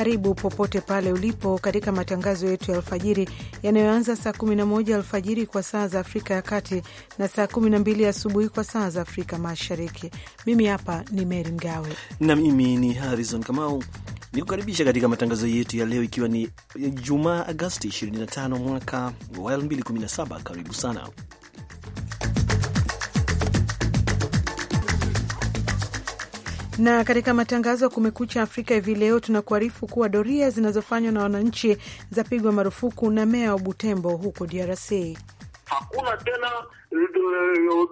Karibu popote pale ulipo katika matangazo yetu ya alfajiri yanayoanza saa 11 alfajiri kwa saa za Afrika ya Kati na saa 12 asubuhi kwa saa za Afrika Mashariki. Mimi hapa ni Meri Mgawe na mimi ni Harrison Kamau ni kukaribisha katika matangazo yetu ya leo, ikiwa ni Jumaa Agosti 25 mwaka wa 2017. Karibu sana Na katika matangazo ya Kumekucha Afrika hivi leo tunakuarifu kuwa doria zinazofanywa na wananchi zapigwa marufuku na meya wa Butembo huko DRC. Hakuna tena eh,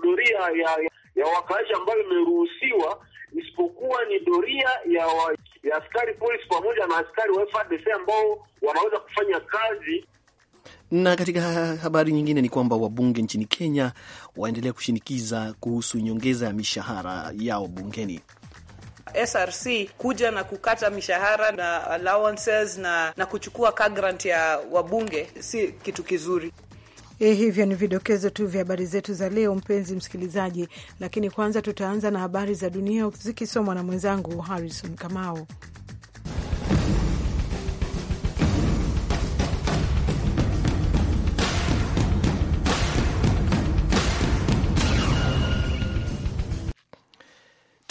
doria ya, ya wakaaji ambayo imeruhusiwa isipokuwa ni doria ya, wa, ya askari polisi pamoja na askari wa FARDC ambao wanaweza kufanya kazi. Na katika habari nyingine ni kwamba wabunge nchini Kenya waendelea kushinikiza kuhusu nyongeza ya mishahara yao bungeni. SRC kuja na kukata mishahara na allowances na, na kuchukua grant ya wabunge si kitu kizuri. Eh, hivyo ni vidokezo tu vya habari zetu za leo, mpenzi msikilizaji, lakini kwanza tutaanza na habari za dunia zikisomwa na mwenzangu Harrison Kamau.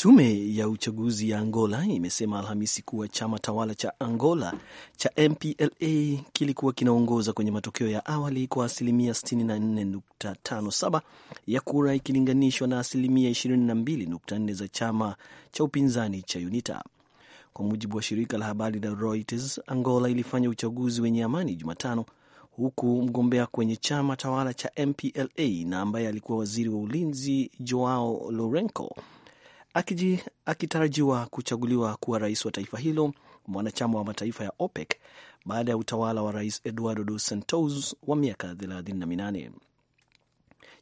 Tume ya uchaguzi ya Angola imesema Alhamisi kuwa chama tawala cha Angola cha MPLA kilikuwa kinaongoza kwenye matokeo ya awali kwa asilimia 64.57 ya kura ikilinganishwa na asilimia 22.4 za chama cha upinzani cha UNITA. Kwa mujibu wa shirika la habari la Reuters, Angola ilifanya uchaguzi wenye amani Jumatano, huku mgombea kwenye chama tawala cha MPLA na ambaye alikuwa waziri wa ulinzi Joao Lourenco Akiji, akitarajiwa kuchaguliwa kuwa rais wa taifa hilo mwanachama wa mataifa ya OPEC baada ya utawala wa rais Eduardo Dos Santos wa miaka 38.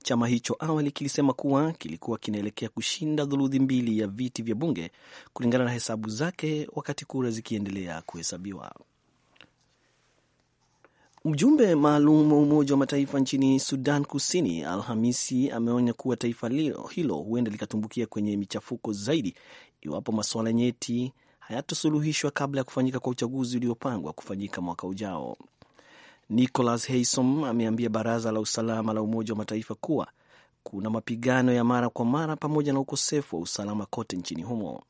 Chama hicho awali kilisema kuwa kilikuwa kinaelekea kushinda dhuluthi mbili ya viti vya bunge kulingana na hesabu zake wakati kura zikiendelea kuhesabiwa. Mjumbe maalum wa Umoja wa Mataifa nchini Sudan Kusini Alhamisi ameonya kuwa taifa hilo huenda likatumbukia kwenye michafuko zaidi iwapo masuala nyeti hayatosuluhishwa kabla ya kufanyika kwa uchaguzi uliopangwa kufanyika mwaka ujao. Nicholas Haysom ameambia Baraza la Usalama la Umoja wa Mataifa kuwa kuna mapigano ya mara kwa mara pamoja na ukosefu wa usalama kote nchini humo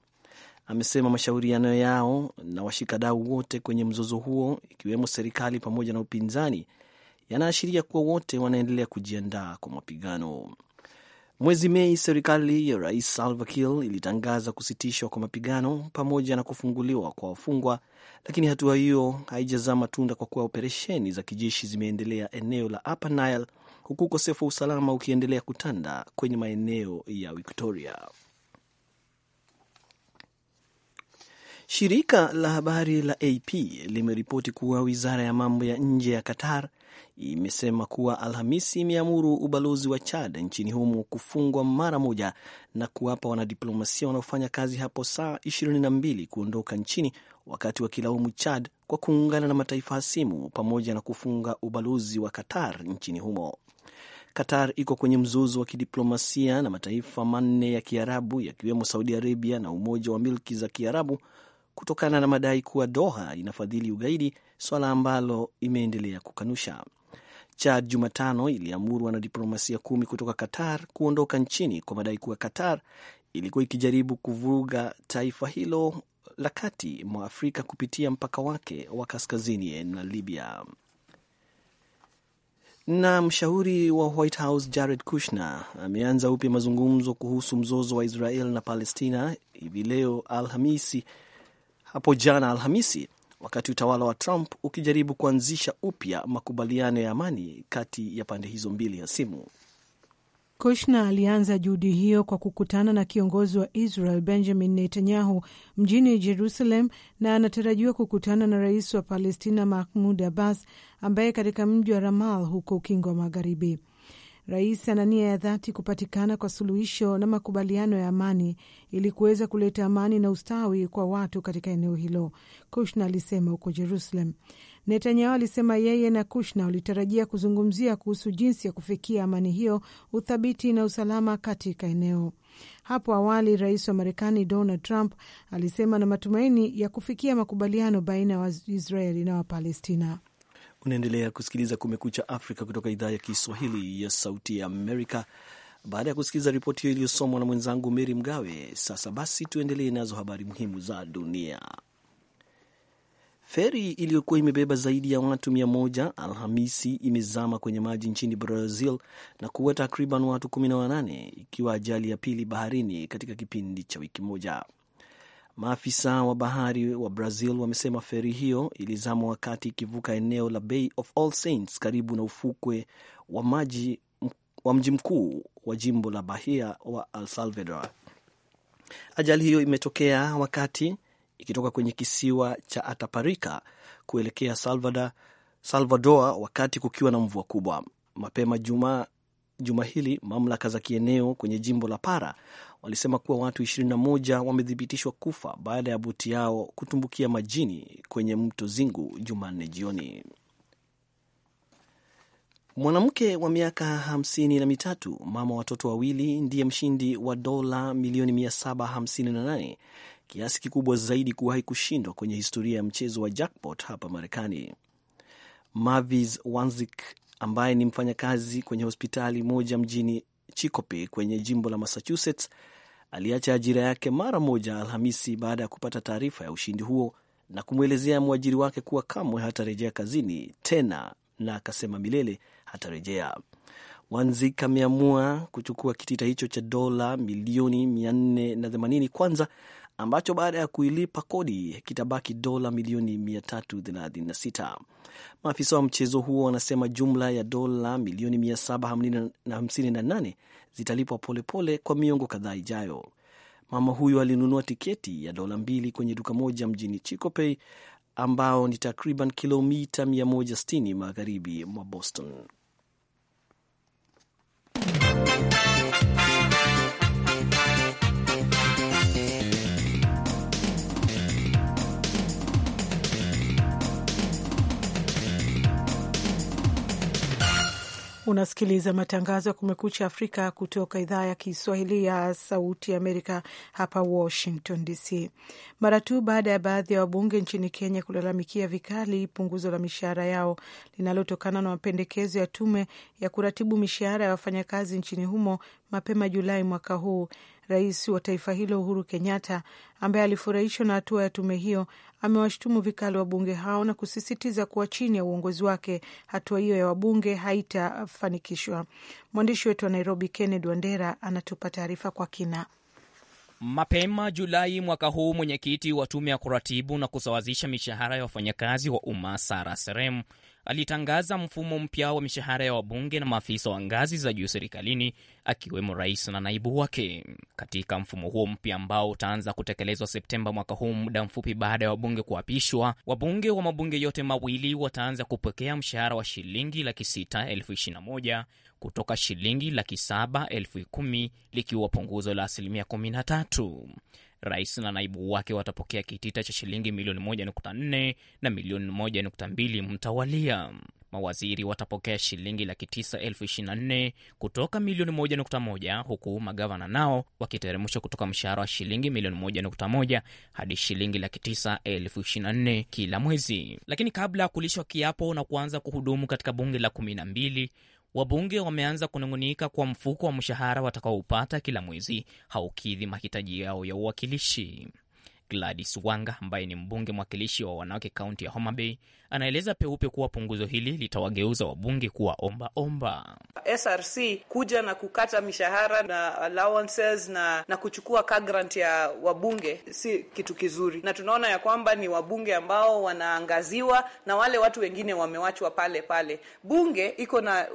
amesema mashauriano yao na washikadau wote kwenye mzozo huo ikiwemo serikali pamoja na upinzani yanaashiria kuwa wote wanaendelea kujiandaa kwa mapigano. Mwezi Mei, serikali ya Rais Salva Kiir ilitangaza kusitishwa kwa mapigano pamoja na kufunguliwa kwa wafungwa, lakini hatua hiyo haijazaa matunda kwa kuwa operesheni za kijeshi zimeendelea eneo la Upper Nile, huku ukosefu wa usalama ukiendelea kutanda kwenye maeneo ya Victoria. Shirika la habari la AP limeripoti kuwa wizara ya mambo ya nje ya Qatar imesema kuwa Alhamisi imeamuru ubalozi wa Chad nchini humo kufungwa mara moja na kuwapa wanadiplomasia wanaofanya kazi hapo saa 22 kuondoka nchini, wakati wakilaumu Chad kwa kuungana na mataifa hasimu pamoja na kufunga ubalozi wa Qatar nchini humo. Qatar iko kwenye mzozo wa kidiplomasia na mataifa manne ya Kiarabu yakiwemo Saudi Arabia na Umoja wa Milki za Kiarabu kutokana na madai kuwa Doha inafadhili ugaidi, swala ambalo imeendelea kukanusha. Chad Jumatano iliamuru wanadiplomasia kumi kutoka Qatar kuondoka nchini kwa madai kuwa Qatar ilikuwa ikijaribu kuvuruga taifa hilo la kati mwa Afrika kupitia mpaka wake wa kaskazini na Libya. Na mshauri wa White House Jared Kushner ameanza upya mazungumzo kuhusu mzozo wa Israel na Palestina hivi leo Alhamisi hapo jana Alhamisi, wakati utawala wa Trump ukijaribu kuanzisha upya makubaliano ya amani kati ya pande hizo mbili ya simu Kushna alianza juhudi hiyo kwa kukutana na kiongozi wa Israel Benjamin Netanyahu mjini Jerusalem, na anatarajiwa kukutana na rais wa Palestina Mahmud Abbas ambaye katika mji wa Ramal huko Ukingo wa Magharibi. Rais ana nia ya dhati kupatikana kwa suluhisho na makubaliano ya amani ili kuweza kuleta amani na ustawi kwa watu katika eneo hilo, Kushna alisema huko Jerusalem. Netanyahu alisema yeye na Kushna walitarajia kuzungumzia kuhusu jinsi ya kufikia amani hiyo, uthabiti na usalama katika eneo. Hapo awali rais wa Marekani Donald Trump alisema na matumaini ya kufikia makubaliano baina ya Waisraeli na Wapalestina. Unaendelea kusikiliza Kumekucha Afrika kutoka idhaa ya Kiswahili ya Sauti ya Amerika. Baada ya kusikiliza ripoti hiyo iliyosomwa na mwenzangu Meri Mgawe, sasa basi tuendelee nazo habari muhimu za dunia. Feri iliyokuwa imebeba zaidi ya watu mia moja Alhamisi imezama kwenye maji nchini Brazil na kuua takriban watu kumi na wanane ikiwa ajali ya pili baharini katika kipindi cha wiki moja. Maafisa wa bahari wa Brazil wamesema feri hiyo ilizama wakati ikivuka eneo la Bay of All Saints karibu na ufukwe wa maji wa mji mkuu wa jimbo la Bahia wa El Salvador. Ajali hiyo imetokea wakati ikitoka kwenye kisiwa cha Ataparika kuelekea Salvador, Salvador wakati kukiwa na mvua kubwa. Mapema Jumaa juma hili mamlaka za kieneo kwenye jimbo la Para walisema kuwa watu 21 wamethibitishwa kufa baada ya boti yao kutumbukia majini kwenye mto Zingu Jumanne jioni. Mwanamke wa miaka hamsini na mitatu, mama watoto wawili, ndiye mshindi wa dola milioni 758 kiasi kikubwa zaidi kuwahi kushindwa kwenye historia ya mchezo wa jackpot hapa Marekani. Mavis Wanzik ambaye ni mfanyakazi kwenye hospitali moja mjini Chicopee kwenye jimbo la Massachusetts aliacha ajira yake mara moja Alhamisi baada ya kupata taarifa ya ushindi huo na kumwelezea mwajiri wake kuwa kamwe hatarejea kazini tena, na akasema milele hatarejea. Wanzik ameamua kuchukua kitita hicho cha dola milioni 480 kwanza ambacho baada ya kuilipa kodi kitabaki dola milioni 336. Maafisa wa mchezo huo wanasema jumla ya dola milioni 758 zitalipwa polepole kwa miongo kadhaa ijayo. Mama huyo alinunua tiketi ya dola mbili kwenye duka moja mjini Chicopee ambao ni takriban kilomita 160 magharibi mwa Boston. Unasikiliza matangazo ya Kumekucha Afrika kutoka idhaa ya Kiswahili ya Sauti Amerika hapa Washington DC. Mara tu baada ya baadhi ya wabunge nchini Kenya kulalamikia vikali punguzo la mishahara yao linalotokana na mapendekezo ya tume ya kuratibu mishahara ya wafanyakazi nchini humo mapema Julai mwaka huu, Rais wa taifa hilo Uhuru Kenyatta, ambaye alifurahishwa na hatua ya tume hiyo, amewashutumu vikali wabunge hao na kusisitiza kuwa chini ya uongozi wake hatua hiyo ya wabunge haitafanikishwa. Mwandishi wetu wa Nairobi, kenned Wandera, anatupa taarifa kwa kina. Mapema Julai mwaka huu mwenyekiti wa tume ya kuratibu na kusawazisha mishahara ya wafanyakazi wa umma Sara Serem alitangaza mfumo mpya wa mishahara ya wabunge na maafisa wa ngazi za juu serikalini akiwemo rais na naibu wake. Katika mfumo huo mpya ambao utaanza kutekelezwa Septemba mwaka huu, muda mfupi baada ya wabunge kuapishwa, wabunge wa mabunge yote mawili wataanza kupokea mshahara wa shilingi laki sita elfu ishirini na moja kutoka shilingi laki saba elfu kumi likiwa punguzo la asilimia kumi na tatu rais na naibu wake watapokea kitita cha shilingi milioni moja nukta nne na milioni moja nukta mbili mtawalia. Mawaziri watapokea shilingi laki tisa elfu ishirini na nne kutoka milioni moja nukta moja huku magavana nao wakiteremshwa kutoka mshahara wa shilingi milioni moja nukta moja hadi shilingi laki tisa elfu ishirini na nne kila mwezi. Lakini kabla ya kulishwa kiapo na kuanza kuhudumu katika bunge la kumi na mbili Wabunge wameanza kunung'unika kwa mfuko wa mshahara watakaoupata kila mwezi haukidhi mahitaji yao ya uwakilishi. Gladys Wanga ambaye ni mbunge mwakilishi wa wanawake kaunti ya Homa Bay anaeleza peupe kuwa punguzo hili litawageuza wabunge kuwa omba omba. SRC kuja na kukata mishahara na allowances na, na kuchukua ka grant ya wabunge si kitu kizuri, na tunaona ya kwamba ni wabunge ambao wanaangaziwa na wale watu wengine wamewachwa pale pale. Bunge iko na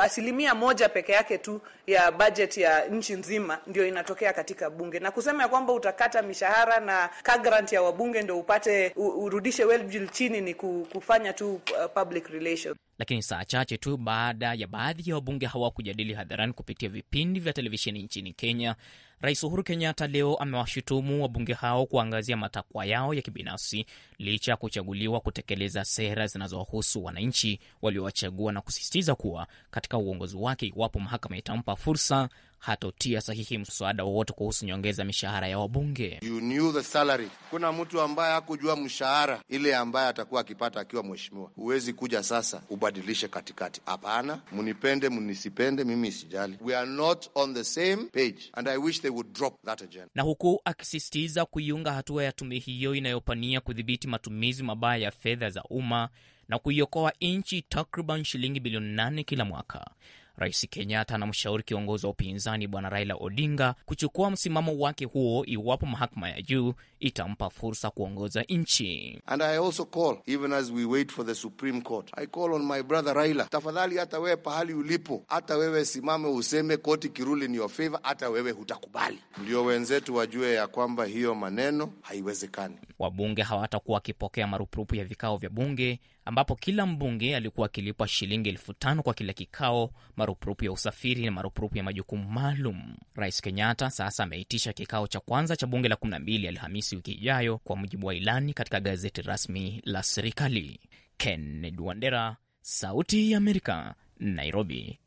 asilimia moja peke yake tu ya bajeti ya nchi nzima ndio inatokea katika bunge, na kusema ya kwamba utakata mishahara na ka grant ya wabunge ndio upate urudishe well chini ni ku, ku kufanya tu uh, public relations. Lakini saa chache tu baada ya baadhi ya wabunge hawa kujadili hadharani kupitia vipindi vya televisheni nchini Kenya, Rais Uhuru Kenyatta leo amewashutumu wabunge hao kuangazia matakwa yao ya kibinafsi licha ya kuchaguliwa kutekeleza sera zinazohusu wananchi waliowachagua, na kusisitiza kuwa katika uongozi wake, iwapo mahakama itampa fursa, hatotia sahihi mswada wowote kuhusu nyongeza mishahara ya wabunge. You knew the salary. Kuna mtu ambaye hakujua mshahara ile ambaye atakuwa akipata akiwa mheshimiwa. Huwezi kuja sasa ubadilishe katikati, hapana. Mnipende mnisipende, mimi sijali. We are not on the same page and I wish they would drop that agenda. Na huku akisisitiza kuiunga hatua ya tume hiyo inayopania kudhibiti matumizi mabaya ya fedha za umma na kuiokoa nchi takriban shilingi bilioni nane kila mwaka. Rais Kenyatta na mshauri kiongozi wa upinzani Bwana Raila Odinga kuchukua msimamo wake huo iwapo mahakama ya juu itampa fursa kuongoza nchi. And I also call even as we wait for the Supreme Court, I call on my brother Raila, tafadhali hata wewe pahali ulipo, hata wewe simame useme koti kiruli in your favor, hata wewe hutakubali, ndio wenzetu wajue ya kwamba hiyo maneno haiwezekani. Wabunge hawatakuwa wakipokea marupurupu ya vikao vya bunge ambapo kila mbunge alikuwa akilipwa shilingi elfu tano kwa kila kikao, marupurupu ya usafiri na marupurupu ya majukumu maalum. Rais Kenyatta sasa ameitisha kikao cha kwanza cha bunge la 12 Alhamisi wiki ijayo, kwa mujibu wa ilani katika gazeti rasmi la serikali. Kennedy Wandera, Sauti ya Amerika, Nairobi.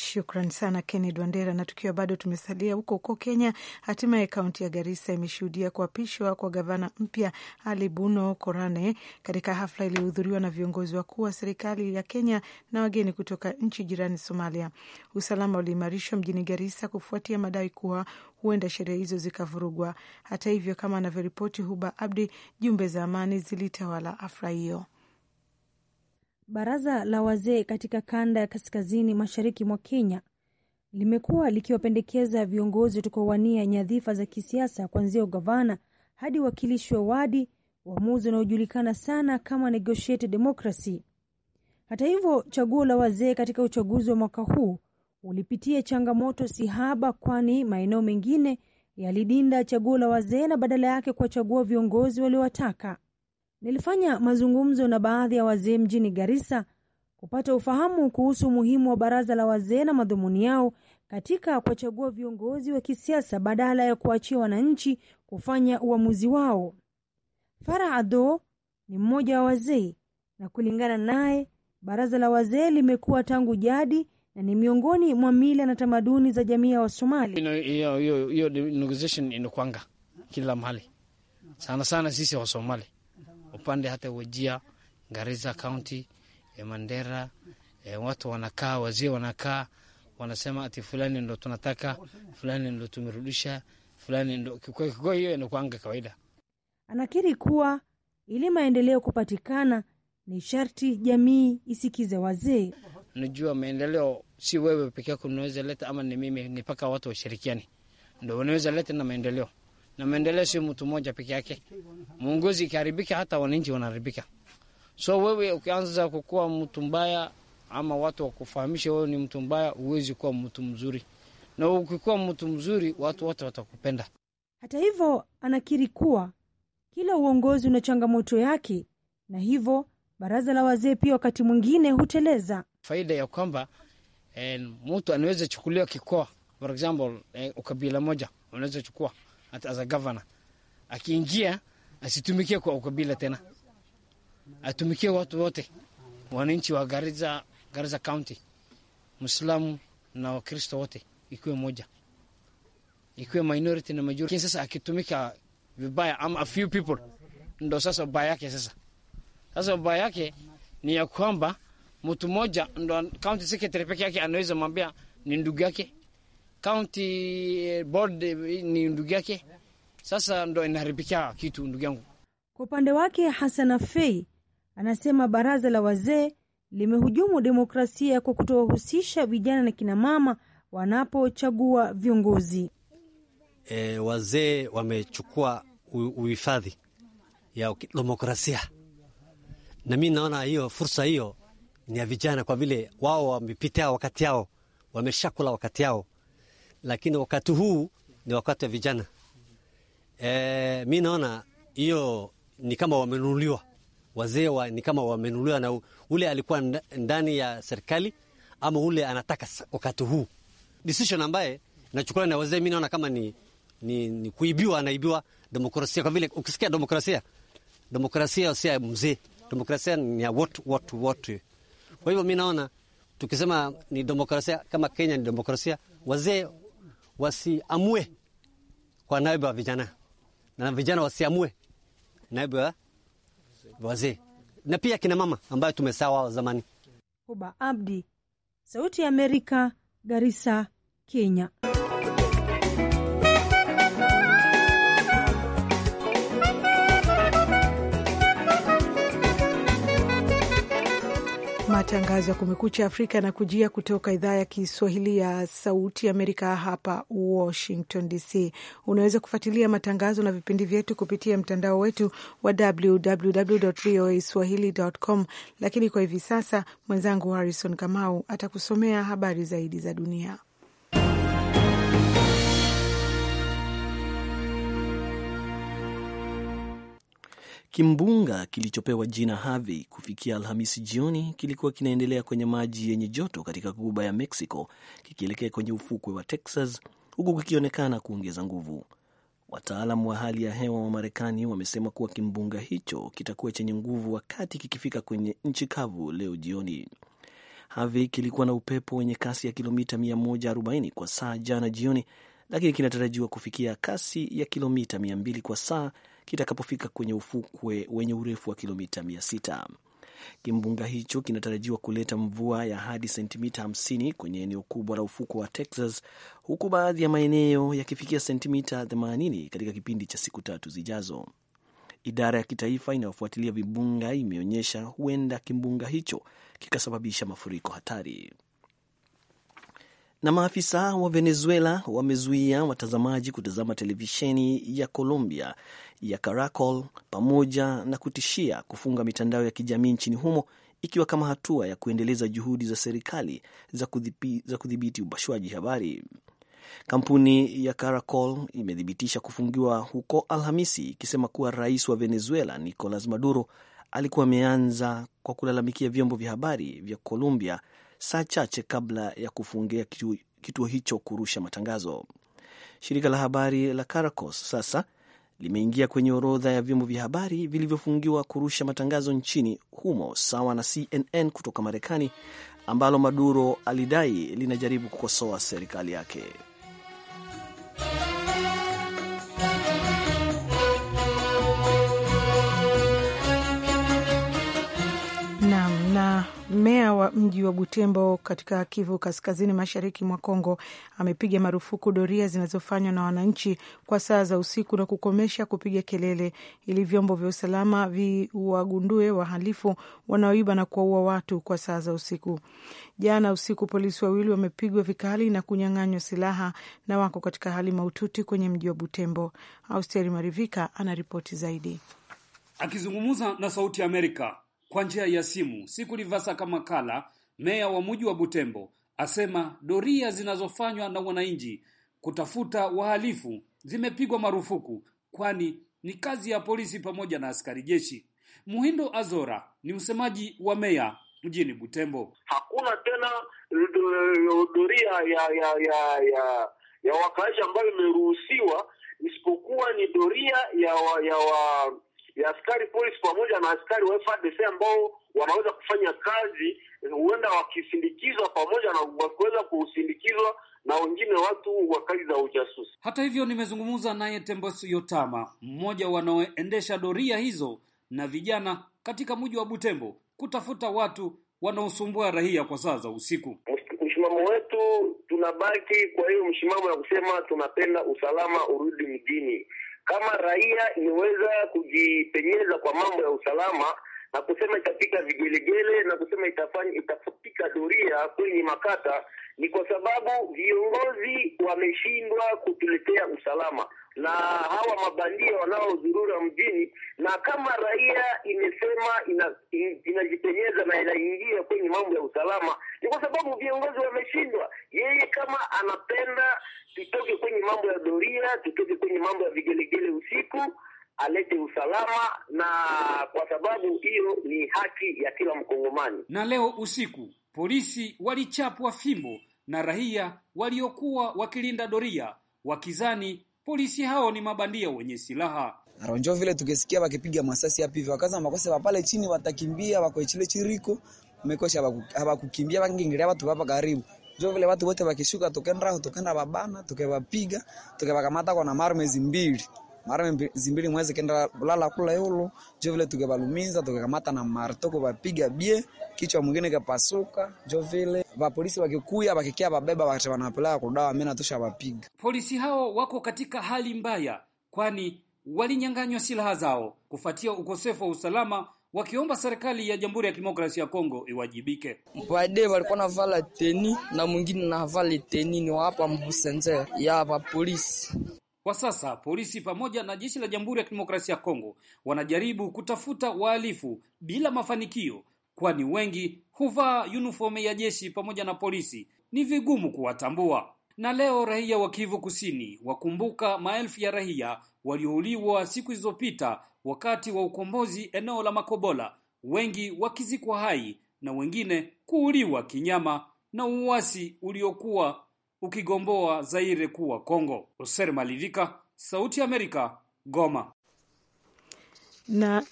Shukran sana Kennedy Wandera. Na tukiwa bado tumesalia huko huko Kenya, hatimaye kaunti ya Garissa imeshuhudia kuapishwa kwa gavana mpya Ali Buno Korane katika hafla iliyohudhuriwa na viongozi wakuu wa serikali ya Kenya na wageni kutoka nchi jirani Somalia. Usalama uliimarishwa mjini Garissa kufuatia madai kuwa huenda sherehe hizo zikavurugwa. Hata hivyo, kama anavyoripoti Huba Abdi, jumbe za amani zilitawala hafla hiyo. Baraza la wazee katika kanda ya kaskazini mashariki mwa Kenya limekuwa likiwapendekeza viongozi watakaowania nyadhifa za kisiasa kuanzia ugavana hadi wakilishi wa wadi, uamuzi unaojulikana sana kama negotiated democracy. Hata hivyo, chaguo la wazee katika uchaguzi wa mwaka huu ulipitia changamoto si haba, kwani maeneo mengine yalidinda chaguo la wazee na badala yake kuwachagua viongozi waliowataka. Nilifanya mazungumzo na baadhi ya wazee mjini Garissa kupata ufahamu kuhusu umuhimu wa baraza la wazee na madhumuni yao katika kuwachagua viongozi wa kisiasa badala ya kuachia wananchi kufanya uamuzi wao. Farah Ado ni mmoja wa wazee na kulingana naye, baraza la wazee limekuwa tangu jadi na ni miongoni mwa mila na tamaduni za jamii ya Wasomali. Hiyo inakwanga kila mahali, sana sana sisi Wasomali upande hata Wajia, Garissa County, e Mandera, e watu wanakaa, wazee wanakaa, wanasema ati fulani ndo tunataka, fulani ndo tumerudisha, fulani ndo kikoi. Hiyo inakuanga kawaida. Anakiri kuwa ili maendeleo kupatikana ni sharti jamii isikize wazee. Najua maendeleo si wewe peke yako unaweza leta, ama ni mimi, ni mpaka watu washirikiani ndo wanaweza leta na maendeleo na maendeleo sio mtu mmoja peke yake. Muongozi ikiharibika, hata wananchi wanaharibika. So wewe ukianza kukuwa mtu mbaya ama watu wakufahamisha wewe ni mtu mbaya, huwezi kuwa mtu mzuri, na ukikuwa mtu mzuri watu wote watakupenda. Hata hivyo, anakiri kuwa kila uongozi una changamoto yake, na hivyo baraza la wazee pia wakati mwingine huteleza. Faida ya kwamba eh, mtu anaweza chukuliwa kikoa, for example eh, ukabila moja unaweza chukua as a governor, akiingia asitumikie kwa ukabila tena, atumikie watu wote, wananchi wa Garissa, Garissa County, Muislamu na Wakristo wote, ikiwe moja, ikiwe minority na majority. Sasa akitumika vibaya ama a few people, ndo sasa ubaya yake. Sasa sasa ubaya yake ni ya kwamba mtu mmoja ndo county secretary peke yake anaweza mwambia ni ndugu yake county eh, board eh, ni ndugu yake, sasa ndo inaharibikia kitu ndugu yangu. Kwa upande wake hasan Afei anasema baraza la wazee limehujumu demokrasia kwa kutowahusisha vijana na kinamama wanapochagua viongozi. E, wazee wamechukua uhifadhi ya demokrasia, na mi naona hiyo fursa hiyo ni ya vijana, kwa vile wao wamepitia wakati yao, wameshakula wakati yao lakini wakati huu ni wakati wa vijana. E, mi naona hiyo ni kama wamenunuliwa wazee wa, ni kama wamenunuliwa na ule alikuwa ndani ya serikali ama ule anataka wakati huu decision ambaye nachukula na wazee. Mi naona kama ni, ni, ni kuibiwa, anaibiwa demokrasia kwa vile ukisikia demokrasia, demokrasia si ya mzee, demokrasia ni ya watu watu wote. Kwa hivyo mi naona tukisema ni demokrasia kama Kenya ni demokrasia, wazee wasiamue kwa naibu wa vijana na vijana wasiamue naibu wa wazee na pia kina mama ambayo tumesawa zamani. Huba Abdi, Sauti ya Amerika, Garissa, Kenya. Matangazo ya Kumekucha Afrika yanakujia kutoka idhaa ya Kiswahili ya Sauti Amerika, hapa Washington DC. Unaweza kufuatilia matangazo na vipindi vyetu kupitia mtandao wetu wa www voa swahili.com, lakini kwa hivi sasa mwenzangu Harrison Kamau atakusomea habari zaidi za dunia. Kimbunga kilichopewa jina Harvey kufikia Alhamisi jioni kilikuwa kinaendelea kwenye maji yenye joto katika Ghuba ya Mexico kikielekea kwenye ufukwe wa Texas huku kikionekana kuongeza nguvu. Wataalam wa hali ya hewa wa Marekani wamesema kuwa kimbunga hicho kitakuwa chenye nguvu wakati kikifika kwenye nchi kavu leo jioni. Harvey kilikuwa na upepo wenye kasi ya kilomita 140 kwa saa jana jioni, lakini kinatarajiwa kufikia kasi ya kilomita 200 kwa saa kitakapofika kwenye ufukwe wenye urefu wa kilomita sita. Kimbunga hicho kinatarajiwa kuleta mvua ya hadi sentimita 50 kwenye eneo kubwa la ufukwe wa Texas, huku baadhi ya maeneo yakifikia sentimita 80 katika kipindi cha siku tatu zijazo. Idara ya kitaifa inayofuatilia vibunga imeonyesha huenda kimbunga hicho kikasababisha mafuriko hatari. Na maafisa wa Venezuela wamezuia watazamaji kutazama televisheni ya Colombia ya Caracol pamoja na kutishia kufunga mitandao ya kijamii nchini humo ikiwa kama hatua ya kuendeleza juhudi za serikali za kudhibiti upashwaji habari. Kampuni ya Caracol imethibitisha kufungiwa huko Alhamisi, ikisema kuwa rais wa Venezuela Nicolas Maduro alikuwa ameanza kwa kulalamikia vyombo vya habari vya Colombia saa chache kabla ya kufungia kituo hicho kurusha matangazo. Shirika la habari la Caracos sasa limeingia kwenye orodha ya vyombo vya habari vilivyofungiwa kurusha matangazo nchini humo sawa na CNN kutoka Marekani ambalo Maduro alidai linajaribu kukosoa serikali yake. Meya wa mji wa Butembo katika Kivu Kaskazini, mashariki mwa Kongo, amepiga marufuku doria zinazofanywa na wananchi kwa saa za usiku na kukomesha kupiga kelele ili vyombo vya usalama viwagundue wahalifu wanaoiba na kuwaua watu kwa saa za usiku. Jana usiku, polisi wawili wamepigwa vikali na kunyang'anywa silaha na wako katika hali mahututi kwenye mji wa Butembo. Austeri Marivika anaripoti zaidi. Akizungumza na Sauti Amerika, kwa njia ya simu. siku kama Kamakala, meya wa mji wa Butembo, asema doria zinazofanywa na wananchi kutafuta wahalifu zimepigwa marufuku, kwani ni kazi ya polisi pamoja na askari jeshi. Muhindo Azora ni msemaji wa meya mjini Butembo. Hakuna tena eh, eh, doria ya ya ya ya, ya wakaaji ambayo imeruhusiwa isipokuwa ni doria ya wa, ya wa ya askari polisi pamoja na askari wa FARDC ambao wanaweza kufanya kazi, huenda wakisindikizwa pamoja na wakiweza kusindikizwa na wengine watu wa kazi za ujasusi. Hata hivyo, nimezungumza naye Tembo Yotama, mmoja wanaoendesha doria hizo na vijana katika mji wa Butembo kutafuta watu wanaosumbua raia kwa saa za usiku. Msimamo wetu tunabaki kwa hiyo msimamo ya kusema tunapenda usalama urudi mjini kama raia imeweza kujipenyeza kwa mambo ya usalama na kusema itapika vigelegele na kusema itafanya itafutika doria kwenye makata, ni kwa sababu viongozi wameshindwa kutuletea usalama na hawa mabandia wanaozurura mjini, na kama raia imesema ina, inajipenyeza na inaingia kwenye mambo ya usalama, ni kwa sababu viongozi wameshindwa. Yeye kama anapenda tutoke kwenye mambo ya doria, tutoke kwenye mambo ya vigelegele usiku, alete usalama, na kwa sababu hiyo ni haki ya kila Mkongomani. Na leo usiku polisi walichapwa fimbo na raia waliokuwa wakilinda doria wakizani polisi hao ni mabandia wenye silaha. aronjo vile tukisikia wakipiga masasi hapi hivyo, wakaza wa pale chini watakimbia, wako chile chiriko mekosha hawakukimbia wakingilia watu hapa karibu Njo vile watu wote wakishuka, tukenda tukenda babana, tukewapiga, tukewakamata kwa na marmezi mbili mara zimbili mwezi kenda lala kula yolo jo vile tukebalumiza tukekamata na martoko bapiga bie kichwa mwingine kapasuka jo vile polisi wakikuya wakikia babeba wakati wanapeleka kudawa mimi natosha wapiga polisi hao wako katika hali mbaya kwani walinyang'anywa silaha zao kufuatia ukosefu wa usalama wakiomba serikali ya Jamhuri ya Kidemokrasia ya Kongo iwajibike. mpade walikuwa na vala teni na mwingine vala teni ni hapa mbusenze ya hapa polisi. Kwa sasa polisi pamoja na jeshi la Jamhuri ya Kidemokrasia ya Kongo wanajaribu kutafuta wahalifu bila mafanikio, kwani wengi huvaa uniform ya jeshi pamoja na polisi, ni vigumu kuwatambua. Na leo raia wa Kivu Kusini wakumbuka maelfu ya raia waliouliwa siku zilizopita wakati wa ukombozi eneo la Makobola, wengi wakizikwa hai na wengine kuuliwa kinyama na uasi uliokuwa ukigomboa Zaire kuwa Kongo. Oser Malivika, Sauti ya Amerika, Goma. Na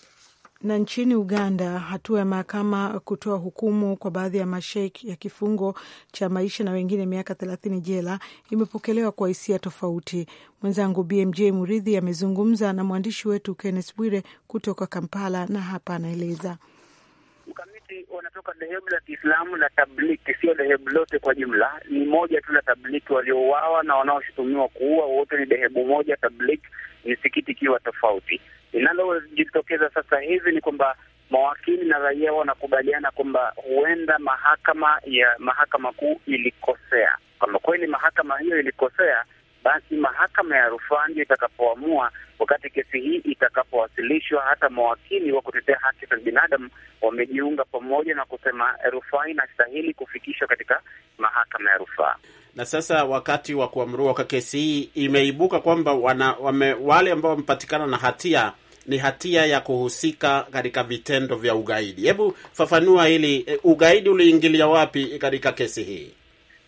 na nchini Uganda, hatua ya mahakama kutoa hukumu kwa baadhi ya masheik ya kifungo cha maisha na wengine miaka thelathini jela imepokelewa kwa hisia tofauti. Mwenzangu BMJ Muridhi amezungumza na mwandishi wetu Kennes Bwire kutoka Kampala, na hapa anaeleza mkamiti. Wanatoka dhehebu la Kiislamu la Tabliki, sio dhehebu lote kwa jumla, ni moja tu la Tabliki. Waliouawa na wanaoshutumiwa kuua wote ni dhehebu moja Tabliki, misikiti ikiwa tofauti linalojitokeza sasa hivi ni kwamba mawakili na raia wanakubaliana kwamba huenda mahakama ya mahakama kuu ilikosea, kwamba kweli mahakama hiyo ilikosea. Basi mahakama ya rufaa ndio itakapoamua, wakati kesi hii itakapowasilishwa. Hata mawakili wa kutetea haki za binadamu wamejiunga pamoja na kusema rufaa inastahili kufikishwa katika mahakama ya rufaa. Na sasa wakati wa kuamrua kwa kesi hii, imeibuka kwamba wana, wame, wale ambao wamepatikana na hatia ni hatia ya kuhusika katika vitendo vya ugaidi. Hebu fafanua hili, eh, ugaidi uliingilia wapi katika kesi hii?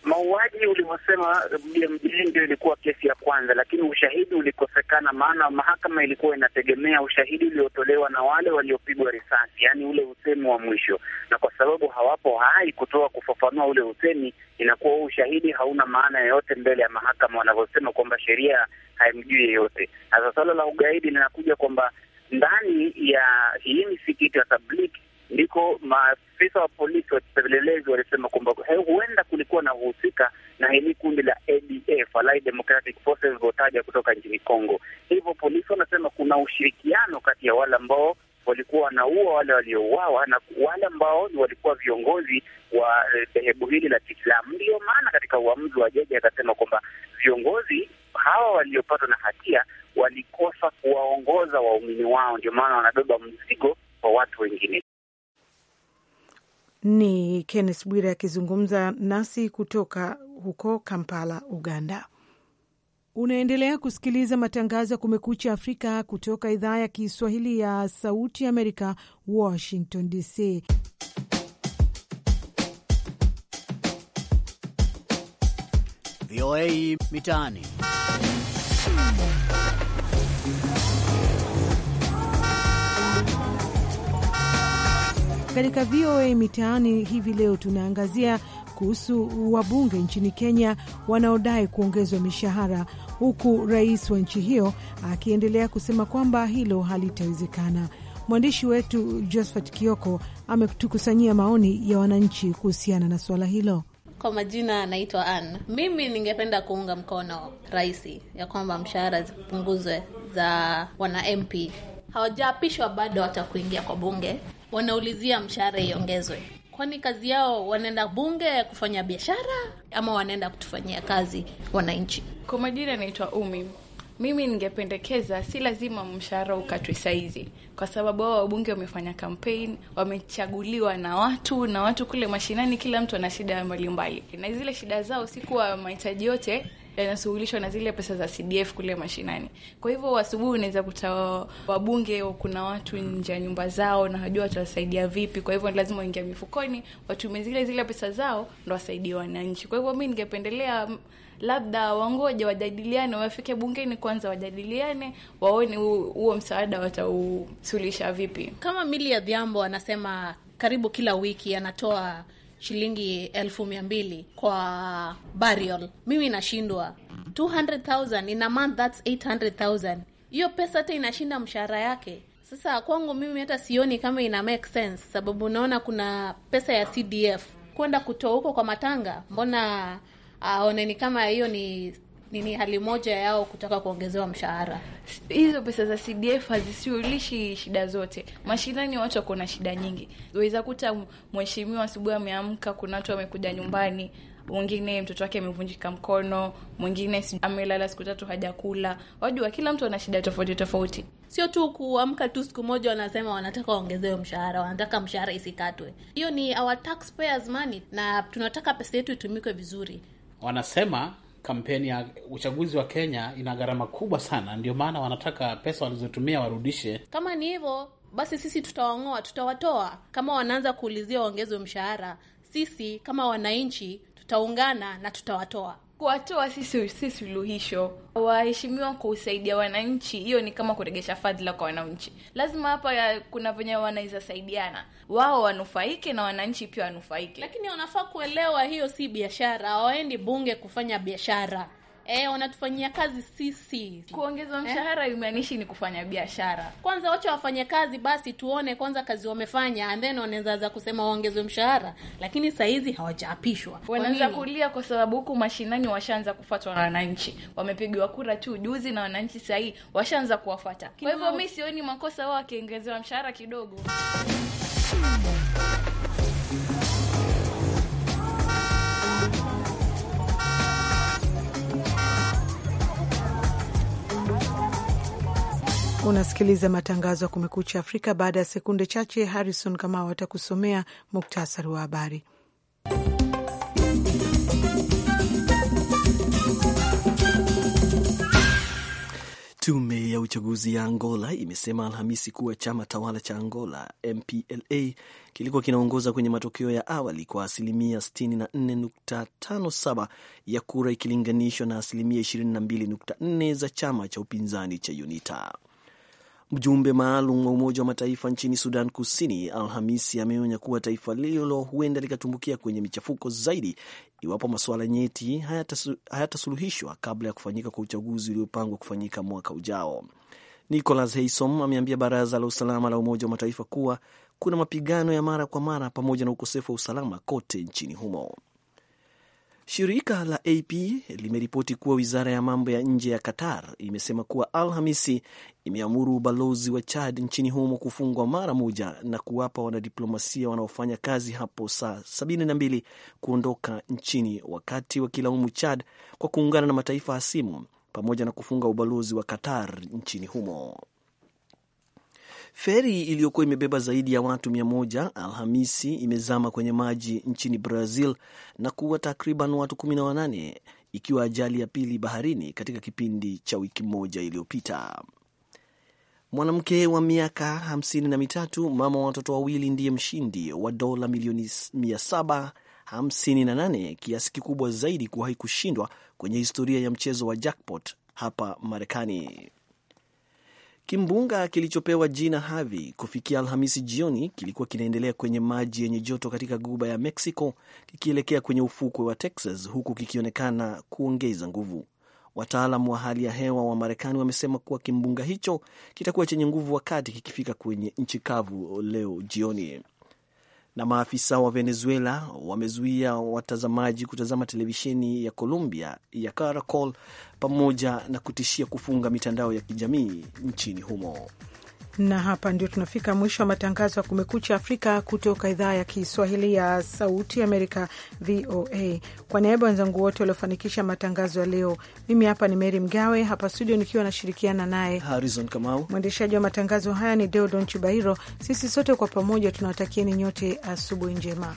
Mauaji ulivyosema eh, BMJ ndio ilikuwa kesi ya kwanza, lakini ushahidi ulikosekana, maana mahakama ilikuwa inategemea ushahidi uliotolewa na wale waliopigwa risasi, yaani ule usemi wa mwisho, na kwa sababu hawapo hai kutoa kufafanua ule usemi, inakuwa huu ushahidi hauna maana yoyote mbele ya mahakama, wanavyosema kwamba sheria haimjui yeyote. Sasa swala la ugaidi linakuja kwamba ndani ya hii misikiti ya Tablik ndiko maafisa wa polisi wapelelezi walisema kwamba huenda kulikuwa na uhusika na hili kundi la ADF, Allied Democratic Forces, ilivyotaja kutoka nchini Congo. Hivyo polisi wanasema kuna ushirikiano kati ya wale ambao walikuwa wanaua wale waliouawa na wale ambao walikuwa viongozi wa eh, dhehebu hili la Kiislamu. Ndiyo maana katika uamuzi wa jaji akasema kwamba viongozi hawa waliopatwa na hatia walikosa kuwaongoza waumini wao, ndio maana wanabeba mzigo kwa watu wengine. Ni Kenneth Bwire akizungumza nasi kutoka huko Kampala, Uganda. Unaendelea kusikiliza matangazo ya Kumekucha Afrika kutoka idhaa ya Kiswahili ya Sauti Amerika, Washington DC. VOA Mitaani. Katika VOA Mitaani hivi leo tunaangazia kuhusu wabunge nchini Kenya wanaodai kuongezwa mishahara, huku rais wa nchi hiyo akiendelea kusema kwamba hilo halitawezekana. Mwandishi wetu Josephat Kioko ametukusanyia maoni ya wananchi kuhusiana na suala hilo. Kwa majina anaitwa Ann. Mimi ningependa kuunga mkono rais ya kwamba mshahara zipunguzwe za wana MP. Hawajaapishwa bado, kuingia kwa bunge, wanaulizia mshahara iongezwe kwani kazi yao wanaenda bunge kufanya biashara ama wanaenda kutufanyia kazi wananchi? Kwa majina anaitwa Umi. Mimi ningependekeza si lazima mshahara ukatwe saizi, kwa sababu hao wabunge wamefanya kampeni, wamechaguliwa na watu na watu kule mashinani, kila mtu ana shida mbalimbali, na zile shida zao si kuwa mahitaji yote yanashughulishwa na zile pesa za CDF kule mashinani. Kwa hivyo asubuhi unaweza kuta wabunge, kuna watu nje ya nyumba zao na hajua watawasaidia vipi. Kwa hivyo lazima waingia mifukoni, watumie zile zile pesa zao ndo wasaidie wananchi. Kwa hivyo mi ningependelea labda wangoja wajadiliane, wafike bungeni kwanza, wajadiliane, waone huo msaada watausuluhisha vipi. Kama Mili ya Dhiambo anasema karibu kila wiki anatoa shilingi elfu mia mbili kwa burial. Mimi nashindwa 200,000 in a month, that's 800,000. Hiyo pesa hata inashinda mshahara yake. Sasa kwangu mimi hata sioni kama ina make sense, sababu unaona kuna pesa ya CDF kwenda kutoa huko kwa matanga, mbona aone ah, ni kama hiyo ni nini hali moja yao kutaka kuongezewa mshahara. Hizo pesa za CDF hazisiulishi shida zote. Mashinani watu wako na shida nyingi, waweza kuta mheshimiwa asubuhi ameamka, kuna watu wamekuja nyumbani, mwingine mtoto wake amevunjika mkono, mwingine amelala siku tatu hajakula. Wajua, kila mtu ana shida tofauti tofauti, sio tu kuamka tu siku moja wanasema wanataka waongezewe mshahara, wanataka mshahara isikatwe. Hiyo ni our taxpayers money, na tunataka pesa yetu itumike vizuri wanasema kampeni ya uchaguzi wa Kenya ina gharama kubwa sana, ndio maana wanataka pesa walizotumia warudishe. Kama ni hivyo basi, sisi tutawang'oa, tutawatoa. Kama wanaanza kuulizia waongezwe mshahara, sisi kama wananchi tutaungana na tutawatoa kuwatoa sisi si suluhisho. Waheshimiwa kusaidia wananchi, hiyo ni kama kuregesha fadhila kwa wananchi. Lazima hapa ya, kuna venye wanaweza saidiana, wao wanufaike na wananchi pia wanufaike, lakini wanafaa kuelewa hiyo si biashara. waendi bunge kufanya biashara. E, wanatufanyia kazi sisi. Kuongezwa eh? mshahara haimaanishi ni kufanya biashara. Kwanza wacha wafanye kazi basi, tuone kwanza kazi wamefanya, and then wanaanza kusema waongezwe mshahara, lakini saa hizi hawajaapishwa. Wanaanza kulia kwa sababu huku mashinani washaanza kufuatwa na wananchi, wamepigiwa kura tu juzi na wananchi, saa hii washaanza kuwafuata. Kwa hivyo mi sioni makosa wao wakiongezewa mshahara kidogo. Unasikiliza matangazo ya Kumekucha Afrika. Baada ya sekunde chache, Harrison Kamau atakusomea muktasari wa habari. Tume ya uchaguzi ya Angola imesema Alhamisi kuwa chama tawala cha Angola MPLA kilikuwa kinaongoza kwenye matokeo ya awali kwa asilimia 64.57 ya kura ikilinganishwa na asilimia 22.4 za chama cha upinzani cha UNITA. Mjumbe maalum wa Umoja wa Mataifa nchini Sudan Kusini Alhamisi ameonya kuwa taifa lilo huenda likatumbukia kwenye michafuko zaidi iwapo masuala nyeti hayatasuluhishwa hayata kabla ya kufanyika kwa uchaguzi uliopangwa kufanyika mwaka ujao. Nicholas Haysom ameambia Baraza la Usalama la Umoja wa Mataifa kuwa kuna mapigano ya mara kwa mara pamoja na ukosefu wa usalama kote nchini humo. Shirika la AP limeripoti kuwa wizara ya mambo ya nje ya Qatar imesema kuwa Alhamisi imeamuru ubalozi wa Chad nchini humo kufungwa mara moja na kuwapa wanadiplomasia wanaofanya kazi hapo saa 72 kuondoka nchini, wakati wakilaumu Chad kwa kuungana na mataifa hasimu pamoja na kufunga ubalozi wa Qatar nchini humo. Feri iliyokuwa imebeba zaidi ya watu mia moja Alhamisi imezama kwenye maji nchini Brazil na kuua takriban watu wanane ikiwa ajali ya pili baharini katika kipindi cha wiki moja iliyopita. Mwanamke wa miaka hamsini na mitatu, mama wa watoto wawili, ndiye mshindi wa dola milioni nane kiasi kikubwa zaidi kuwahi kushindwa kwenye historia ya mchezo wa jackpot hapa Marekani. Kimbunga kilichopewa jina Harvey kufikia Alhamisi jioni kilikuwa kinaendelea kwenye maji yenye joto katika guba ya Mexico kikielekea kwenye ufukwe wa Texas huku kikionekana kuongeza nguvu. Wataalam wa hali ya hewa wa Marekani wamesema kuwa kimbunga hicho kitakuwa chenye nguvu wakati kikifika kwenye nchi kavu leo jioni na maafisa wa Venezuela wamezuia watazamaji kutazama televisheni ya Colombia ya Caracol pamoja na kutishia kufunga mitandao ya kijamii nchini humo na hapa ndio tunafika mwisho wa matangazo ya Kumekucha Afrika kutoka idhaa ya Kiswahili ya Sauti Amerika, VOA. Kwa niaba ya wenzangu wote waliofanikisha matangazo ya leo, mimi hapa ni Meri Mgawe hapa studio nikiwa nashirikiana naye Harizon Kamau. Mwendeshaji wa matangazo haya ni Deodon Chibahiro. Sisi sote kwa pamoja tunawatakieni nyote asubuhi njema.